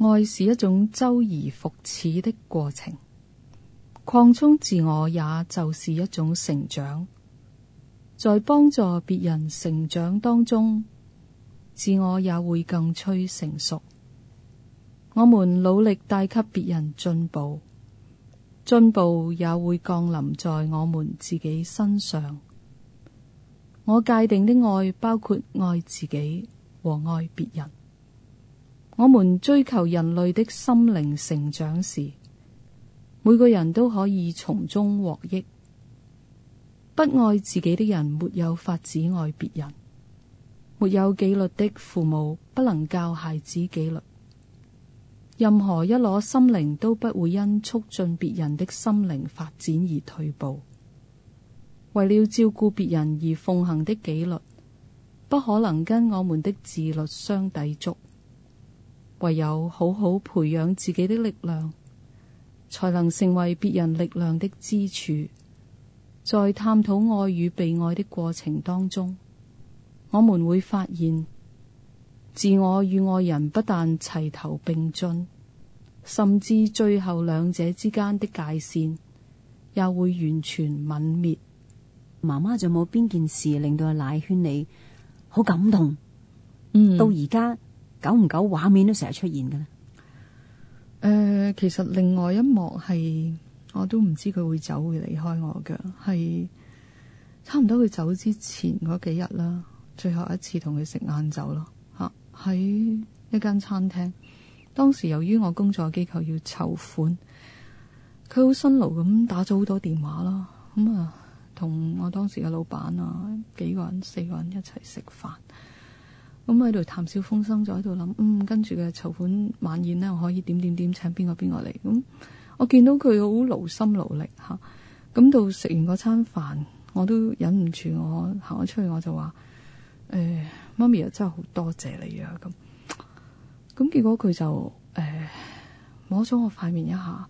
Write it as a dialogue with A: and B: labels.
A: 愛是一種周而復始的過程，擴充自我也就是一種成長，在幫助別人成長當中，自我也會更趨成熟。我們努力帶給別人進步，進步也會降臨在我們自己身上。我界定的愛包括愛自己和愛別人。我們追求人類的心靈成長時，每個人都可以從中獲益。不愛自己的人，沒有法子愛別人。沒有紀律的父母，不能教孩子紀律。任何一顆心靈，都不會因促進別人的心靈發展而退步。為了照顧別人而奉行的紀律，不可能跟我們的自律相抵觸。唯有好好培養自己的力量，才能成為別人力量的支柱。在探討愛與被愛的過程當中，我們會發現自我與愛人不但齊頭並進，甚至最後兩者之間的界線也會完全泯滅。媽媽仲有冇邊件事令到奶圈你好感動？嗯。到而家。久唔久，畫面都成日出現嘅。誒、呃，其實另外一幕係，我都唔知佢會走，會離開我嘅，係差唔多佢走之前嗰幾日啦，最後一次同佢食晏酒咯，嚇、啊、喺一間餐廳。當時由於我工作機構要籌款，佢好辛勞咁打咗好多電話啦，咁啊，同我當時嘅老闆啊，幾個人四個人一齊食飯。咁喺度談笑風生，就喺度諗，嗯，跟住嘅籌款晚宴咧，我可以點點點請邊個邊個嚟？咁我見到佢好勞心勞力嚇，咁、啊、到食完嗰餐飯，我都忍唔住我，我行咗出去，我就話：誒、哎，媽咪呀真係好多謝你啊！咁，咁結果佢就誒、哎、摸咗我塊面一下。